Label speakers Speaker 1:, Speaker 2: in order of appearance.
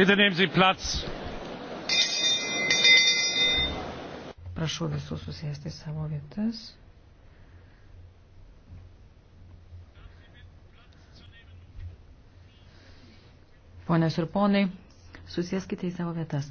Speaker 1: Bitte nehmen Sie Platz. Prašau visus susėsti savo vietas.
Speaker 2: Ponios ir ponai, susėskite į savo vietas.